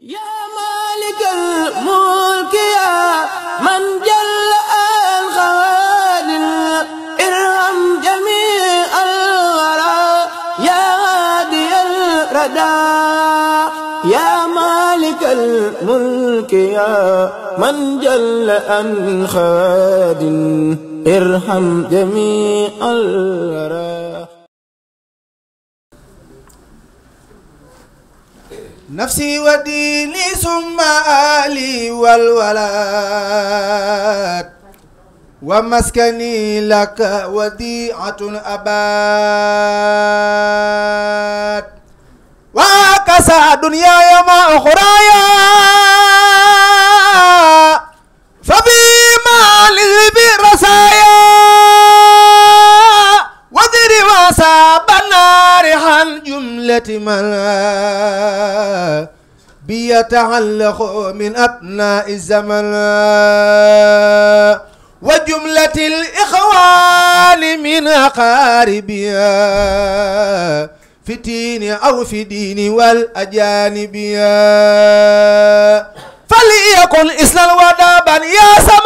yaa maalikal mulki yaa man jalla al xawaadir irham jamii al waraa yaa haadiyal radaa yaa maalikal mulki yaa man jalla al xawaadir irham jamii al waraa نفسي وديني ثم آلي والولد ومسكني لك وديعة أباد وكسى دنياي ما أخرايا فبما لي برسايا وذري وصاب النار عن جملة من يتعلق من أبناء الزمن وجملة الإخوان من أقاربها في تين أو في دين والأجانبية فليكن إسلا ودابا يا سماء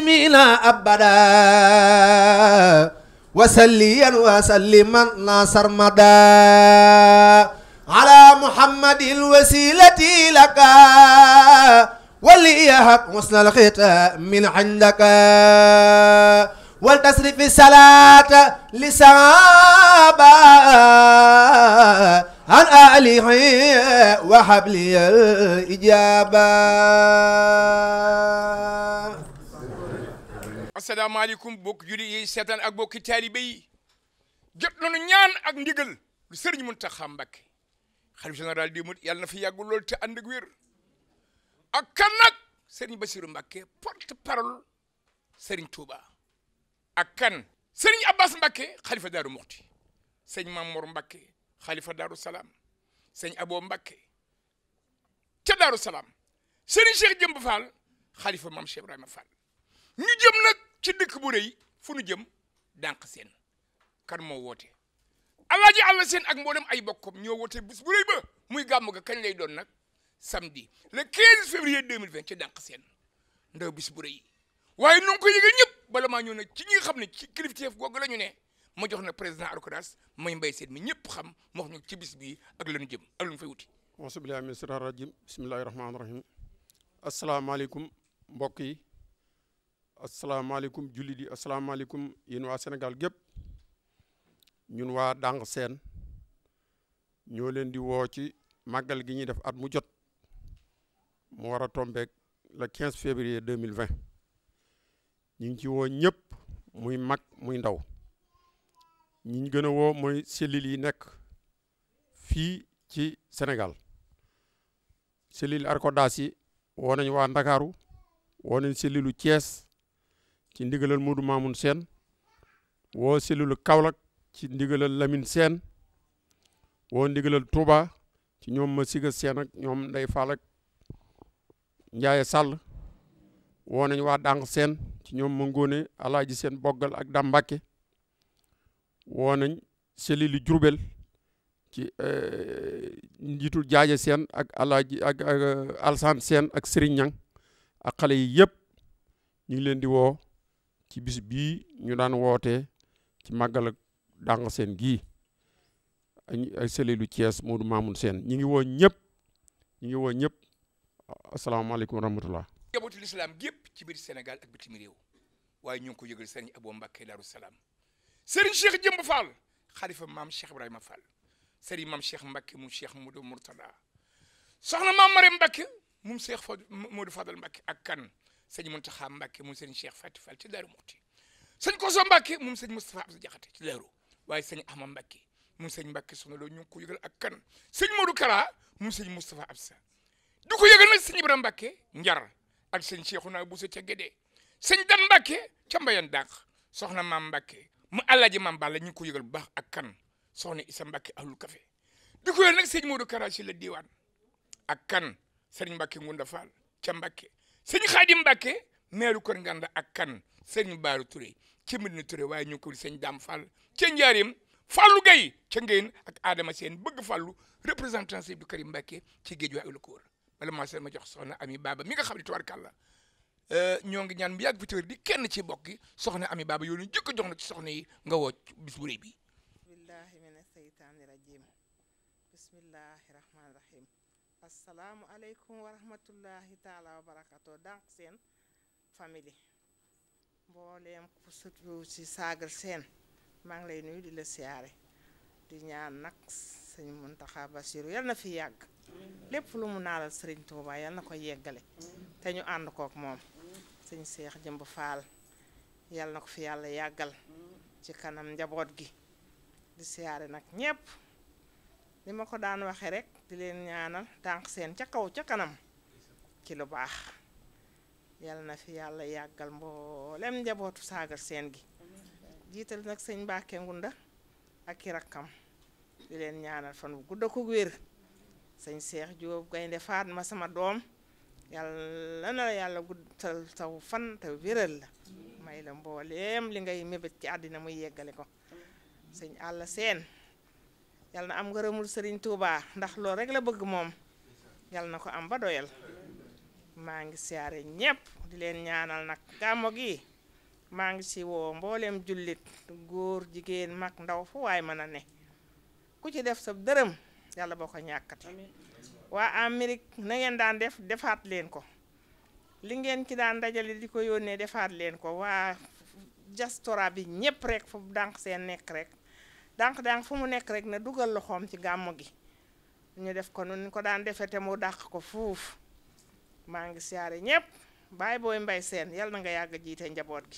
مسلمين أبدا وسليا وسلما ناصر مدا على محمد الوسيلة لك وليهب حسن الختام من عندك ولتصرف الصلاة لسابا عن أهله وحبلي الإجابة asalaamaaleykum bokk julli yi seetaan ak bokki taalibe yi jot nañu ñaan ak ndigal lu sëriñ Muntaxa Mbakke xalif général di mut yàlla na fi yàggul lool te ànd ak wér ak kan nag sëriñ Bassirou Mbakke porte parole sëriñ Touba ak kan sëriñ Abbas Mbakke xalifa Daaru Muxti sëñ Mamour Mbakke xalifa daru Salaam sëñ Abo Mbakke ca daru Salaam sëriñ Cheikh Jëmb Fall xalifa Maam Cheikh Ibrahima Fall ñu jëm nag ci dëkk bu rëy fu nu jëm dànq seen kan moo woote alaaji àlla seen ak mboolem ay bokkom ñoo woote bis bu rëy ba muy gàmm ga kañ lay doon nag samedi le 15 février 2020 ci dànq seen ndaw bis bu rëy waaye nu ngi ko yëgal bala maa ñëw nag ci ñi nga xam ne ci kilifteef googu la ñu ne ma jox na président arkodas may mbay seen mi ñëpp xam ma wax ñu ci bis bi ak la ñu jëm ak lu ñu fay wuti asubilahi min siraan rajim bismillahi rahmaani rahim asalaamaaleykum mbokk yi asalaamaaleykum jullit yi asalaamaaleykum yéen waa Sénégal gépp ñun waa Dànk Seen ñoo di woo ci màggal gi ñuy def at mu jot mu war a tombeek le 15 février ñu ngi ci woo ñëpp muy mag muy ndaw ñi gën a woo mooy cellules yi nekk fii ci Sénégal cellule Arcodas yi woo nañ waa Ndakaaru woo nañ cellule Thiès ci ndigalal Modou Mamoun seen woo cellule Kaolack ci ndigalal Lamine seen woo ndigalal Touba ci ñoom ma siga Sène ak ñoom Ndeye Fall ak Sall woo nañ waa Dàng Sène ci ñoom ma ngóone Alaaji Sène boggal ak Dambake woo nañ cellule Diourbel ci euh, njiitul jaaje seen ak alaaji ak euh, alsaan seen ak sëriñ ñang ak yi yëpp ñu ngi leen di woo ci bis bii ñu daan woote ci màggal ak seen gii ay selilu Thiès Modou Mamoun Sène ñi ngi woo ñëpp ñi ngi woo ñëpp asalaamaaleykum wa rahmatullah jabootu lislaam gépp ci biir senegal ak bitim réew waaye ñu ngi ko yëgal sëriñ Abo Mbacke Darou Salaam sëriñ Cheikh Jëmb Fall xalifa maam Cheikh Ibrahima Fall sëriñ maam Cheikh Mbacke mu Cheikh Modou Mourtada soxna maam Mare Mbacke moom Cheikh Modou Fadal Mbacke ak kan sëñ Mountakha Mbacké moom sëñ Cheikh Fatou Fall ci Daaru Muxti sëñ Koso Mbacké moom sëñ Moustapha Abdou Diakhaté ci Daaru waaye sëñ Ahmad Mbacké moom sëñ Mbacké Soxna loo ñu ko yëgal ak kan sëñ Modou Kara moom sëñ Moustapha Absa du ko yëgal nag sëñ Ibrahima Mbacké njar ak sëñ Cheikhouna Bousso ca Guédé sëñ Dan Mbacké ca Mbayan Dàq soxna Maam Mbacké mu Alaaji Maam Balla ñu ngi ko yëgal bu baax ak kan soxna isa Mbacké ahlul café du ko yëgal nag sëñ Modou Kara ci la diwaan ak kan sëñ Mbacké Ngunda Fall ca Mbacké sëñ Xaadim Mbàkke meeru Kër Nganda ak kan sëñ Baaru Touré ci Medina Touré waaye ñu ko sëñ Daam Fall ca Njaareem Fallu Gay ca Ngéen ak Adama Seen bëgg Fallu représentant Sëñ Abdou Karim Mbàkke ci géej waay ulu ko wër bala maa seen ma jox soxna Ami Baba mi nga xam ne tubaarkàlla euh, ñoo ngi ñaan mu yàgg fi tër di kenn ci bokk gi soxna Ami Baba yow ñu jëkk jox na ci soxna yi nga woo bis bu rëy bi bismillahi mina seytaani rajim bismillah asalaamualeykum aleykum rahmatullahi taala wa barakaatu Dank Sène famille mbooleem ku surtout ci Sagar seen maa ngi lay nuyu di la siyaare di ñaan nag sëñ Muntaxa Basiru yal na fi yàgg lépp lu mu naalal sëriñ Tuuba yal na ko yeggale te ñu ànd kook moom sëñ Seex Jëmb Faal yal na ko fi yàlla yàggal ci kanam njaboot gi di siyaare nag ñépp li ma ko daan waxe rek di leen ñaanal tànk seen ca kaw ca kanam ci lu baax yàlla na fi yàlla yàggal mboolem njabootu saagar seen gi jiital nag sëñ Mbàkke Ngunda ak i rakkam di leen ñaanal fan bu gudd ko wér sëñ Seex Jóob Gaynde ma sama doom yàlla na la yàlla guddal taw fan te wéral la may la mbooleem li ngay mébét ci àddina muy yeggale ko sëñ àll seen yal na am ngërëmul Serigne Touba ndax loolu rek la bëgg moom yal na ko am ba doyal maa ngi siyaare ñépp di leen ñaanal nag gàmmo gi maa ngi si woo mbooleem jullit góor jigéen mag ndaw fu waay mën a ne ku ci def sa dërëm yàlla boo ko ñàkkati waa Amérique na ngeen daan def defaat leen ko li ngeen ci daan dajale di ko yónnee defaat leen ko waa diaspora bi ñépp rek fu dànq seen nekk rek dànq-dànq fu mu nekk rek na dugal loxoom ci gàmmu gi ñu def ko nun ko daan defee te mu dàq ko fuuf maa ngi siyaare ñëpp baay booy mbay seen yal na nga yàgg a jiite njaboot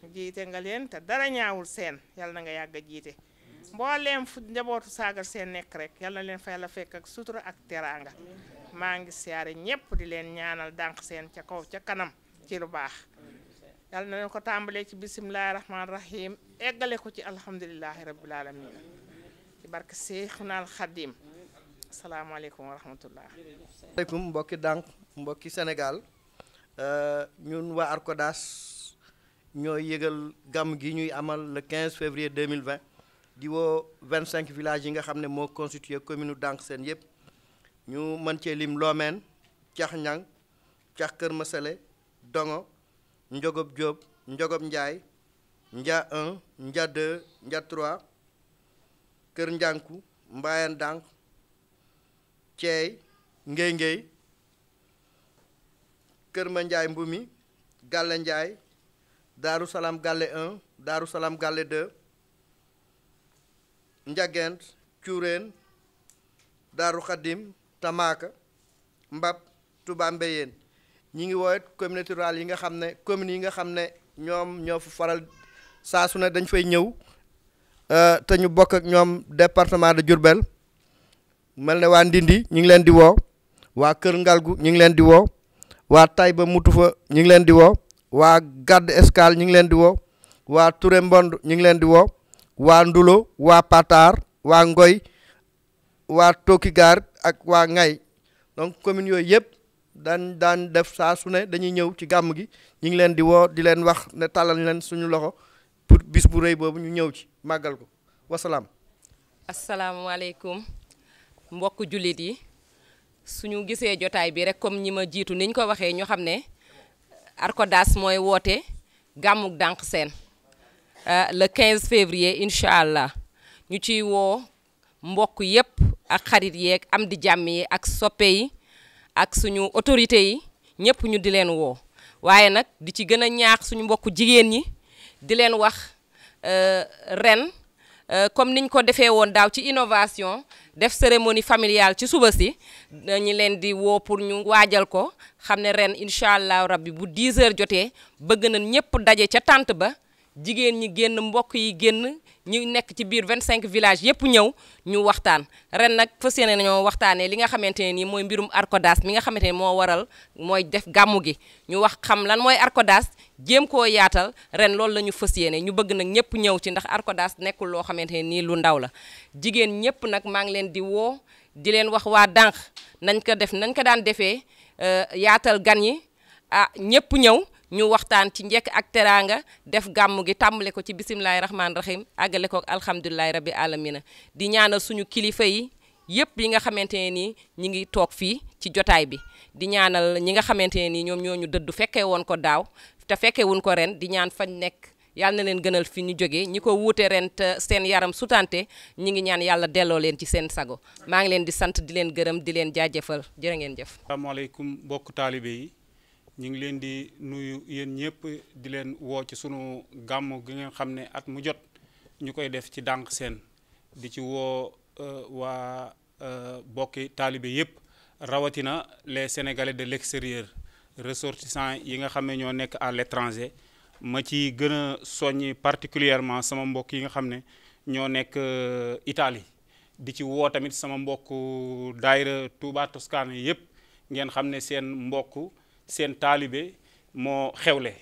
gi jiite nga leen te dara ñaawul seen yal na nga yàgg a jiite mbooleem fu njabootu saagal seen nekk rek yal na leen fa yàlla fekk ak sutura ak teraanga maa ngi siyaare ñëpp di leen ñaanal dànq seen ca kaw ca kanam ci lu baax yàlla na leen ko tàmbalee ci bisimilahi rahmaani rahim eggale ko ci alhamdulilahi rabil alamin ci barke Seexunal Xadim asalaamaaleykum wa rahmatullah aleykum mbokki dànk mbokki Sénégal euh, ñun waa Arcodas ñooy yëgal gàmm gi ñuy amal le 15 février 2020 di woo 25 villages yi nga xam ne moo constitué commune dànk seen yëpp ñu mën cee lim Loomeen Cax Ñang Cax Kër Masale Dongo Njogob Diop Njogob Ndiaye Ndia 1 Ndia 2 Ndia 3 Kër Ndianku Mbayan Dànk Thiey Ngéy Ngéy Kër Ma Ndiaye Mbumi Galle Ndiaye Daaru Salaam Galle 1 Daaru Salaam Galle 2 Njagent Cuureen Daaru Xadim Tamaaka Mbab Touba Mbéyeen ñi ngi woowet communauté rurale yi nga xam ne communes yi nga xam ne ñoom ñoo fa faral saasu su dañ fay ñëw euh, te ñu bokk ak ñoom département de Diourbel mel ne waa Ndindi ñu ngi leen di woo waa Kër Ngalgu ñu ngi leen di woo waa Taïba Mutufa ñu ngi leen di woo waa Gade Escale ñu ngi leen di wo waa Touré Mbond ñu ngi leen di wo waa Ndulo waa Patar waa Ngoy waa Tokigaar ak waa Ngay donc communes yooyu yëpp daan daan def saa su ne dañuy ñëw ci gàmm gi ñu ngi leen di woo di leen wax ne tàllal leen suñu loxo pour bis bu rëy boobu ñu ñëw ci màggal ko wasalaam. asalaamaaleykum mbokk jullit yi suñu gisee jotaay bi rek comme ñi ma jiitu niñ ko waxee ñu xam ne Arcodas mooy woote gàmmug dànq seen euh, le 15 février incha allah ñu ciy woo mbokk yépp ak xarit yeeg am di jàmm yi ak soppe yi. ak suñu autorités yi ñëpp ñu di leen woo waaye nag di ci gën a ñaax suñu mbokku jigéen ñi di leen wax euh, ren euh, comme niñ ko defee woon daaw ci innovation def cérémonie familiale ci suba si dañu leen di woo pour ñu waajal ko xam ne ren incha allah rabbi bu 10 heures jotee bëgg na ñëpp daje ca tànt ba jigéen ñi génn mbokk yi génn ñu nekk ci biir vingt cinq village yëpp ñëw ñu waxtaan ren nag fas yéene nañoo waxtaanee li nga xamante ne nii mooy mbirum arcodas mi nga xamante ne moo waral mooy def gàmmu gi ñu wax xam lan mooy arcodas jéem ko yaatal ren loolu la ñu fas yéene ñu bëgg nag ñëpp ñëw ci ndax arcodas nekkul loo xamante ne nii lu ndaw la jigéen ñëpp nag maa ngi leen di woo di leen wax waa dànq nañ ko def nañ ko daan defee euh, yaatal gan yi ah ñëpp ñëw ñu waxtaan ci njekk ak teraanga def gàmm gi tàmbale ko ci bisimilahi rahmaani rahim àggale ko alhamdulilahi rabi alamina di ñaanal suñu kilifa yi yëpp yi nga xamante ne nii ñi ngi toog fii ci jotaay bi di ñaanal ñi nga xamante ne nii ñoom ñoo ñu dëddu fekkee woon ko daaw te fekkee wuñ ko ren di ñaan fañ nekk yàlla na leen gënal fi ñu jógee ñi ko wuute ren te seen yaram sutante ñi ngi ñaan yàlla delloo leen ci seen sago maa ngi leen di sant di leen gërëm di leen jaajëfal jërë ngeen jëf. asalaamaaleykum mbokk taalibe yi. ñu ngi leen di nuyu yéen ñëpp di leen woo ci sunu gàmm gi nga xam ne at mu jot ñu koy def ci Dànk Seen di ci woo euh, waa euh, bokki taalibe yëpp rawatina les sénégalais de l'extérieur ressortissants yi nga xam ne ñoo nekk à l'étranger ma ci gën a soññi particulièrement sama mbokk yi nga xam ne ñoo nekk euh, Italie di ci woo tamit sama mbokk daayira Touba Toscane yëpp ngeen xam ne seen mbokk seen taalibe moo xewle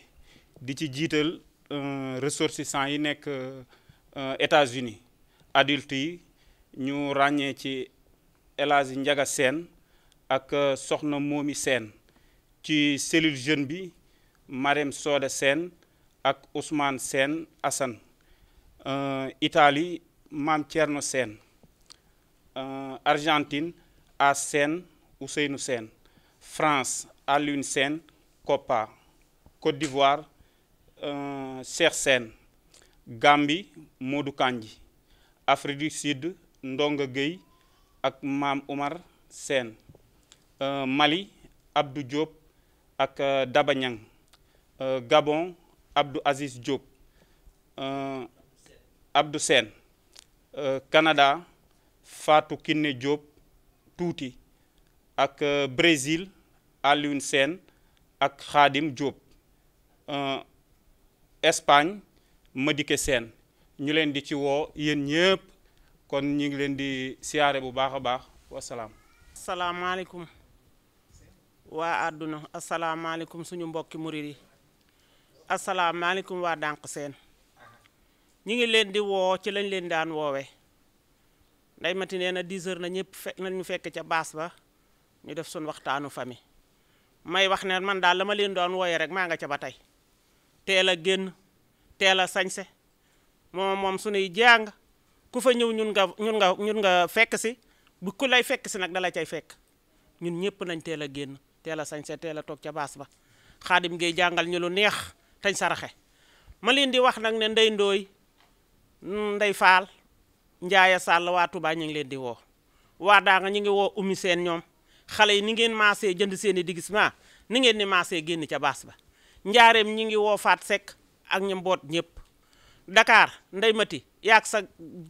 di ci jiital euh, ressortissants yi nekk euh, États-Unis adultes yi ñu ràññee ci El Hadji Ndiaga Sène ak euh, Soxna Momi seen ci cellule jeune bi Marème Soda Sène ak Ousmane Sène Assane Italie Maam Thierno Sène Argentine A Sène Ousseynou Sène France Alioune Sène COPPA Côte d'Ivoire euh, Cheikh Sène Gambie Modou Kandji Sud Ndonga Gueye ak Maam Oumar Sène euh, Mali abdu Diop ak euh, euh, Gabon Abdou Aziz Diop euh, Abdou Sène Canada Fatou Kiné Diop tuuti ak Brésil Alioune seen ak xaadim jóob euh, Espagne Madické Sène ñu leen di ci woo yéen ñëpp kon ñu ngi leen di siyaare bu baax a baax wasalaam asalaamaaleykum waa àdduna asalaamaaleykum suñu mbokki murit yi asalaamaaleykum waa dànq seen ñu ngi leen di woo ci lañ leen daan woowe nday mati nee na 10 heures na ñëpp fekk nañu fekk ca baas ba ñu def suñ waxtaanu famille may wax ne man daal la ma leen doon wooye rek maa nga ca ba tey teel a génn teel a sañse moom moom suñuy jàng ku fa ñëw ñun nga ñun nga ñun nga fekk si bu ku lay fekk si nag dala cay fekk ñun ñëpp nañ teel a génn teel a sañse teel a toog ca baas ba xaadim ngay jàngal ñu lu neex tañ saraxe ma leen di wax nag ne ndey ndooy mm, ndey faal njaaya sàll waa tubaa ñu ngi leen di woo waa daanga ñu ngi woo ummi seen ñoom xale yi ni ngeen maasee jënd seeni i déguisement ni ngeen ni maasee génn ca baas ba njaareem ñi ngi woo faat sekk ak ñi mboot ñëpp Dakar ndey mati yaag sa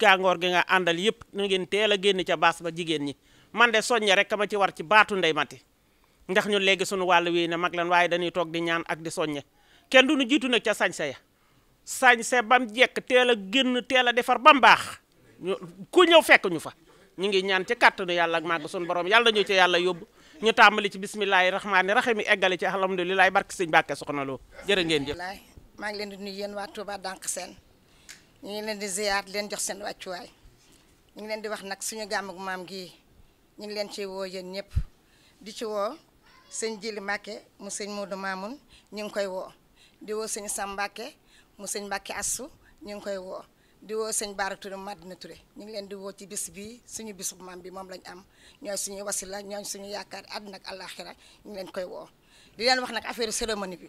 gàngoor gi nga àndal yëpp ni ngeen teel a génn ca baas ba jigéen ñi man de soññe rek ma ci war ci baatu ndey mati ndax ñu léegi suñu wàll wéy ne mag leen waaye dañuy toog di ñaan ak di soññe kenn du ñu jiitu nag ca sañse ya sañse bam jekk teel a génn teel a defar mu baax ku ñëw fekk ñu fa ñu ngi ñaan ci kàttanu yàlla ak màgg suñu borom yàlla ñu ci yàlla yóbbu ñu tàmbali ci bismillahi rahmaani rahim eggale ci alhamdulilahi barke sëñ Mbàkke soxna Lo jërë ngeen jëf maa ngi leen di nuyu yéen waa Touba dànq seen ñu ngi leen di ziyaar leen jox seen wàccuwaay ñu ngi leen di wax nag suñu gàmm maam gi ñu ngi leen ci woo yéen ñëpp di ci woo sëñ Jili Mbàkke mu sëñ Moodu Maamun ñu ngi koy woo di woo sëñ Sam Mbàkke mu sëñ Mbàkke astu ñu ngi koy woo di woo sëñ Baara Touré ñu ngi leen diwoo woo ci bis bi suñu bisu maam bi moom lañ am ñooy suñuy wasila ñooy suñu yaakaar àdduna ak àllaaxira ñu ngi leen koy woo di leen wax nag affaire cérémonie bi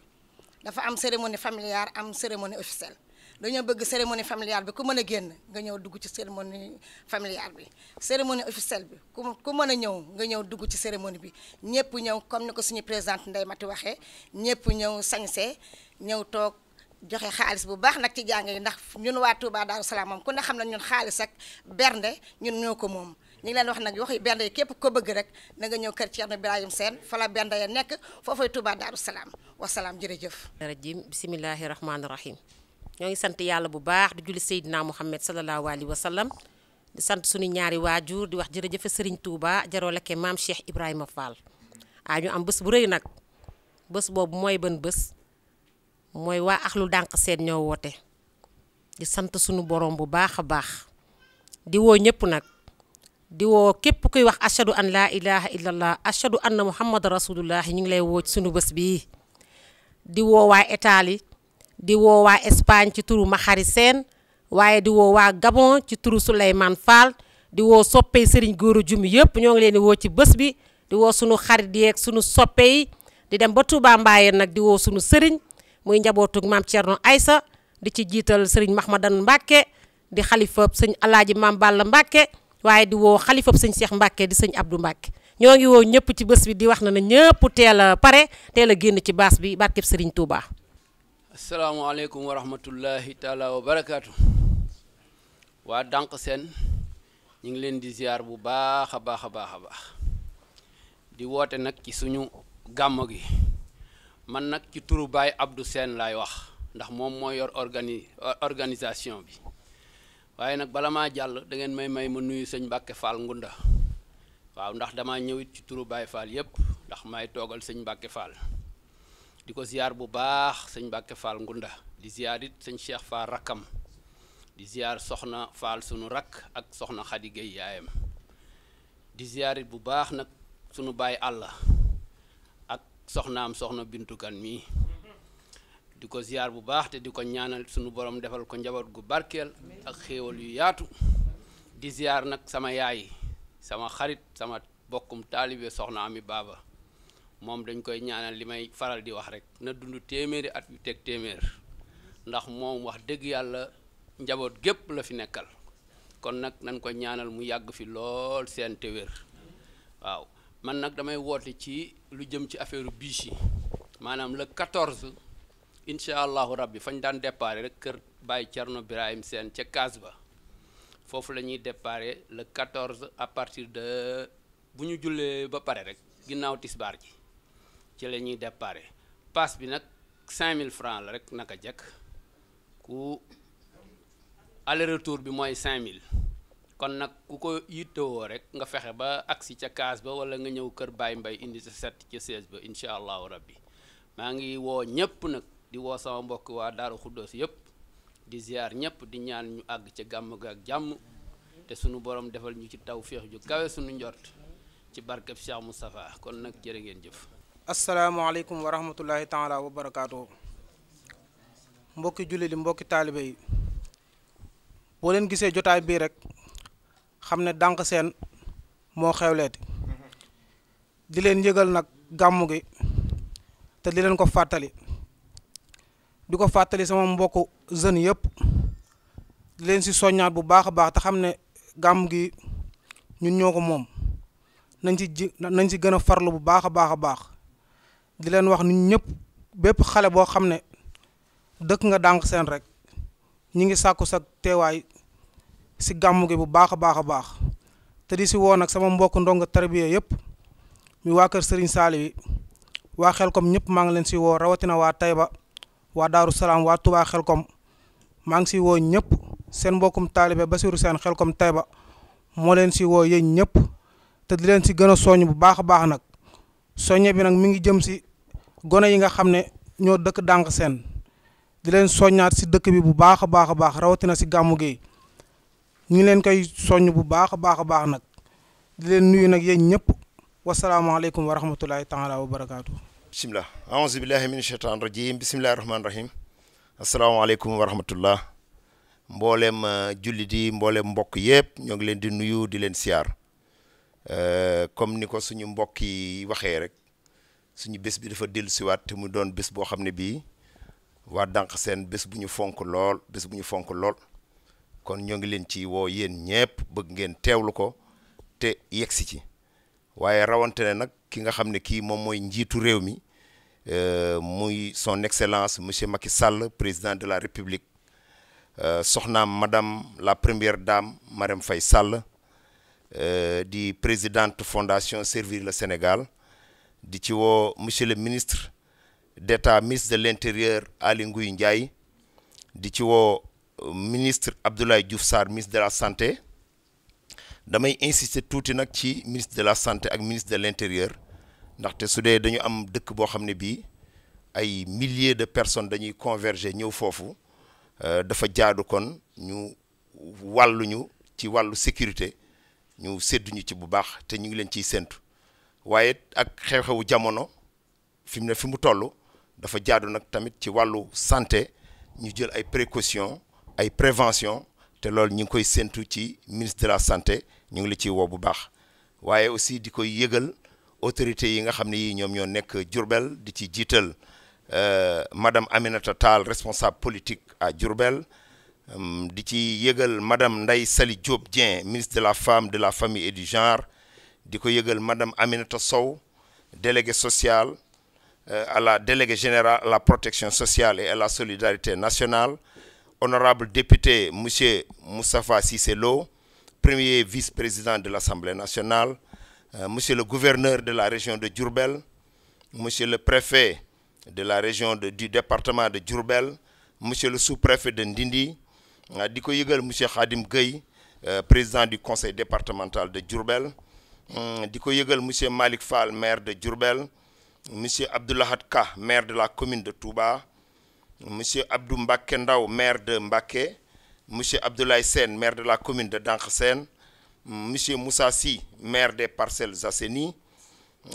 dafa am cérémonie familiale am cérémonie officielle dañoo bëgg cérémonie familiale bi ku mën a génn nga ñëw dugg ci cérémonie familiale bi cérémonie officielle bi ku ku mën a ñëw nga ñëw dugg ci cérémonie bi ñëpp ñëw comme ni ko suñu présidente Ndeye Mati waxee ñëpp ñëw sañse ñëw toog joxe xaalis bu baax nag ci jàng yi ndax ñun waa Touba Darou Salaam moom ku ne xam na ñun xaalis ak bernde ñun ñoo ko moom ñu leen wax nag wax yu bernde képp ko bëgg rek nanga ñëw kër Thierno Birahim Sène fa la bernde ya nekk foofay Touba Salaam wasalaam jërëjëf. rajim bisimilahi rahmaani rahim ñoo ngi sant yàlla bu baax di julli Seydina Mouhamed sallallahu alayhi wa sallam di sant suñu ñaari waajur di wax jërëjëf Serigne Touba jaroo lekkee maam Cheikh Ibrahima Fall. ah ñu am bës bu rëy nag bës boobu mooy ban bës mooy waa axlu dànq seet ñoo woote di sant suñu borom bu baax a baax di woo ñëpp nag di woo képp kuy wax ashadu an laa ilaha illallah ashadu anna muhammad rasulullah ñu ngi lay woo ci sunu bés bii di woo waa Italie di woo waa Espagne ci turu Maxari Seen waaye di woo waa Gabon ci turu Souleymane Fall di woo soppey Serigne Góoru jumm yëpp ñoo ngi leen di woo ci bës bi di woo suñu xarit yeeg sunu soppe yi di dem ba Touba Mbaye nag di woo suñu sëriñ muy njabootug maam Thierno Aysa di ci jiital sëriñ Mahmadan Mbacke di xalifab sëñ alaaji maam Balla Mbacke waaye di woo xalifab sëñ Cheikh Mbacke di sëñ Abdou Mbacke ñoo ngi woo ñëpp ci bës bi di wax na ne ñëpp teel a pare teel a génn ci baas bi barkeb sëriñ Touba. asalaamaaleykum wa rahmatullahi taala wa barakaatu. waa danq seen ñu ngi leen di ziar bu baax a baax a baax a baax di woote nag ci suñu gàmm gi. man nag ci turu baay Abdou seen laay wax ndax moom moo yor organi organisation bi waaye nag bala maa jàll da ngeen may may ma nuyu sëñ Mbàkke Fall Ngunda waaw ndax damaa ñëwit ci turu baay Fall yépp ndax may toogal sëñ Mbàkke Fall di ko siyaar bu baax sëñ Mbàkke Fall Ngunda di ziyaar it sëñ Cheikh Fall rakkam di ziyaar soxna Fall sunu rakk ak soxna Xadi Géey di ziyaar it bu baax nag sunu baay àlla soxnaam soxna Bintu Kan mii di ko ziyaar bu baax te di ko ñaanal sunu borom defal ko njaboot gu barkeel ak xéewal yu yaatu di ziyaar nag sama yaay sama xarit sama bokkum taalibe soxna Ami Baaba moom dañ koy ñaanal li may faral di wax rek na dund téeméeri at yu teg téeméer ndax moom wax dëgg yàlla njaboot gépp la fi nekkal kon nag nañ ko ñaanal mu yàgg fi lool seen te waaw man nag damay woote ci lu jëm ci affaire biche yi maanaam le 14 incha allahu rabbi ñu daan déparé rek kër Baye Thierno Birahim seen ca Kaas ba foofu la ñuy déparé le 14 à partir de bu ñu jullee ba pare rek ginnaaw tisbaar ji ci la ñuy déparé paas bi nag 5000 francs la rek naka jekk ku aller retour bi mooy 5000. kon nag ku ko yittewoo rek nga fexe ba agsi ca kaas ba wala nga ñëw kër baay mbay indi sa set ca sees ba incha allahu rabbi maa ngi woo ñëpp nag di woo sama mbokk waa Daaru Xuddoos yëpp di ziar ñëpp di ñaan ñu àgg ca gàmm ga ak jàmm te sunu borom defal ñu ci taw tawféex ju kawe sunu njort ci barkeb Cheikh Moustapha kon nag jërë ngeen jëf. asalaamaaleykum wa rahmatullahi taala wa barakaatu. mbokki jullit yi mbokki taalibe yi boo leen gisee jotaay bii rek xam ne dànq Seen moo xewleeti di leen yëgal nag gàmmu gi te di leen ko fàttali di ko fàttali sama mbokku jeunes yëpp di si soññaat bu baax a baax te xam ne gàmmu gi ñun ñoo ko moom nañ si ji nañ si gën a farlu bu baax a baax a baax di leen wax nu ñëpp bépp xale boo xam ne dëkk nga dànq Seen rek ñi ngi sàkku sa teewaay si gàmmu gi bu baax a baax a baax te di si woo nag sama mbokk ndongo tarbiya yëpp mi waa kër Serigne Saliou yi waa Xelkom ñëpp maa ngi leen si woo rawatina waa Taïba waa Daaru Salaam waa Touba Xelkom maa ngi si woo ñëpp seen mbokkum taalibe Basirou Sène Xelkom Taïba moo leen si woo yéen ñëpp te di leen si gën a soññ bu baax a baax nag soññe bi nag mi ngi jëm si gone yi nga xam ne ñoo dëkk dànq seen di leen soññaat si dëkk bi bu baax a baax a baax rawatina si gàmmu gi ñu leen koy soññ bu baax a baax a baax nag di leen nuyu nag yéen ñëpp wasalaamaaleykum wa rahmatulahi taala wa barakaatu. bisimilah aouzu billahi min cheytaan rajim bisimilahi rahmaani rahim asalaamaaleykum wa rahmatullah mboolem uh, jullit yi mboolem mbokk yëpp ñoo ngi leen di nuyu di leen siyaar uh, comme ni ko suñu mbokk yi waxee rek suñu bés bi dafa dellu siwaat te mu doon bés boo xam ne bii waa dànq seen bés bu ñu fonk lool bés bu ñu fonk lool kon ñoo ngi leen ci woo yéen ñépp bëgg ngeen teewlu ko te yegsi ci waaye rawante ne nag ki nga xam ne kii moom mooy njiitu réew mi euh, muy son excellence monsieur Macky sàll président de la république euh, soxnaam madame la première dame Marème fay Sall euh, di présidente fondation Servir le Sénégal di ci woo monsieur le ministre d'état ministre de l'intérieur Aly Ngouille Ndiaye di ci woo ministre Abdoulaye Diouf Sarr ministre de la santé damay insister tuuti nag ci ministre de la santé ak ministre de l'intérieur ndaxte su dee dañu am dëkk boo xam ne bii ay millier de personnes dañuy converger ñëw foofu euh, dafa jaadu kon ñu wàlluñu ci wàllu sécurité ñu sédduñu ci bu baax te ñu ngi leen ciy séntu waaye ak xew-xewu jamono fi mu ne fi mu toll dafa jaadu nag tamit ci wàllu santé ñu jël ay précautions. ay prévention te loolu ñu ngi koy séntu ci ministre de la santé ñu ngi la ciy woo bu baax waaye aussi di koy yëgal autorités yi nga xam ni yii ñoom ñoo nekk Diourbel di ci jiital euh, madame Aminata Tall responsable politique à Diourbel di ci yëgal madame Ndeye Saly Diop Dieng ministre de la femme de la famille et du genre di ko yëgal madame Aminata Sow déléguée sociale euh, à la déléguée général à la protection sociale et à la solidarité nationale honorable député monsieur Moustapha Cissé Lo premier vice-président de l'Assemblée nationale euh, monsieur le gouverneur de la région de Diourbel monsieur le préfet de la région de, du département de Diourbel monsieur le sous-préfet de Ndindi euh, di ko yëgal monsieur Khadim Gueye euh, président du conseil départemental de Diourbel euh, di ko yëgal monsieur Malick Fall maire de Diourbel monsieur Abdoulahat Ka maire de la commune de Touba monsieur Abdou Mbacké Ndaw maire de Mbacké monsieur Abdoulaye Sène maire de la commune de Dank Sène monsieur Moussa Sy maire des Parcelles Assainies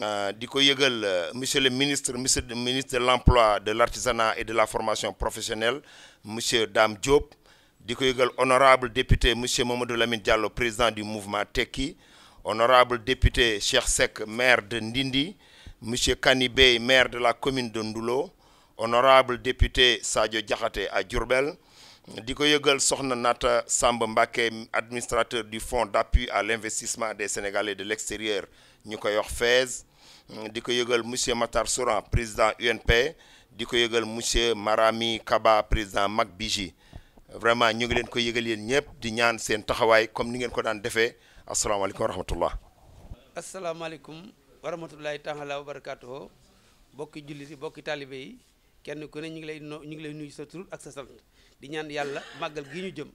euh, di ko yëgal euh, monsieur le ministre monsieur le ministre de l'emploi de l'artisanat et de la formation professionnelle monsieur Dame Diop di ko yëgal honorable député monsieur Mamadou Lamine Diallo président du mouvement Tekki honorable député Cheikh Seck maire de Ndindi monsieur Kani Bey maire de la commune de Ndoulo honorable député Sadio Diakhaté à jurbel di ko yëgal soxna Nata Samba Mbacké administrateur du fonds d'appui à l'investissement des Sénégalais de l'extérieur ñu koy wax FAISE di ko yëgal monsieur Matar Souran président UNP di ko yëgal monsieur Marami Kaba président Magbiji vraiment ñu ngi leen ko yëgal yéen ñëpp di ñaan seen taxawaay comme ni ngeen ko daan defee asalaamaaleykum wa rahmatullah asalaamaaleykum wa rahmatullahi taala wa bokki jullit taalibe kenn ku ne ñu ngi lay no ñu ngi lay nuyu sa tur ak sa sant di ñaan yàlla màggal gi ñu jëm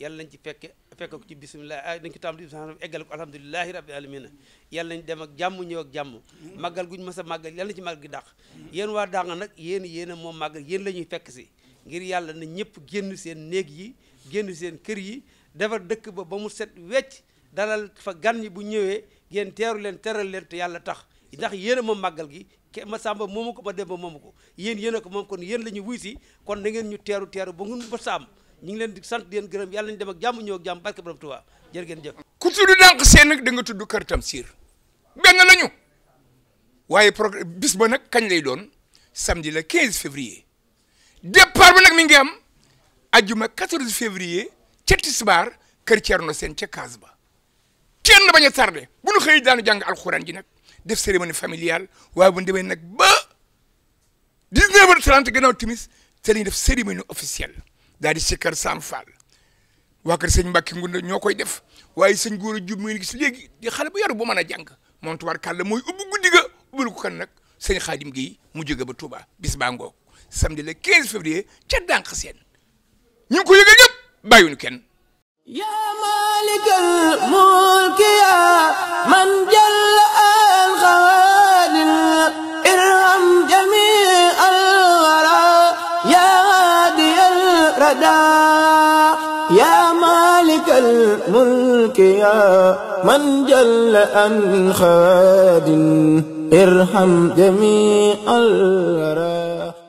yàlla nañ ci fekke fekke ko ci bisimilah ah dañ ko tàmbali eggal ko alhamdulilahi rabbil alamina yàlla nañ dem ak jàmm ñëw ak jàmm màggal guñu mas a màggal yàlla na ci màggal gi dàq yéen waa dàq nag yéen yéen a moom màggal yéen la ñuy fekk si ngir yàlla na ñëpp génn seen néeg yi génn seen kër yi dafa dëkk ba ba mu set wecc dalal fa gan yi bu ñëwee ngeen teeru leen teral leen te tax ndax yéen a màggal gi ke ma sàmba moomu ko ma demba moomu ko yéen yéen a ko moom kon yéen la ñu wuy si kon na ngeen ñu teeru teeru ba ngun ba sàmm ñu ngi leen di sant di leen gërëm yàlla nañu dem ak jàmm ñëw ak jàmm barke borom Tuubaa jërë ngeen jëf ku tudd dànq seen nag da nga tudd kër Tamsir benn lañu waaye progr bis ba nag kañ lay doon samedi le 15 février départ ba nag mi ngi am ajjuma 14 février ca tisbaar kër Thierno Sène ca Kaas ba kenn bañ a tardé bu ñu xëy daanu jàng alxuraan ji nag def cérémonie familiale waaye bu ñu demee nag ba 19h30 gannaaw timis te lañuy def cérémonie officielle daal di sikkar Sam Fall waa kër sëñ Mbacke Ngunda ñoo koy def waaye sëñ Gora Diouf mu ngi gis léegi di xale bu yaru bu mën a jàng moom tubaarkàlla mooy ubbi guddi ga ubbil ko kan nag sëñ Xaadim Guèye mu jóge ba Touba bis baa ngoog samedi le 15 février ca ñu ngi ko yëgal ñëpp bàyyiwuñu kenn. yaa maalikal mulki yaa man jalla منك يا من جل أن خاد ارحم جميع الورى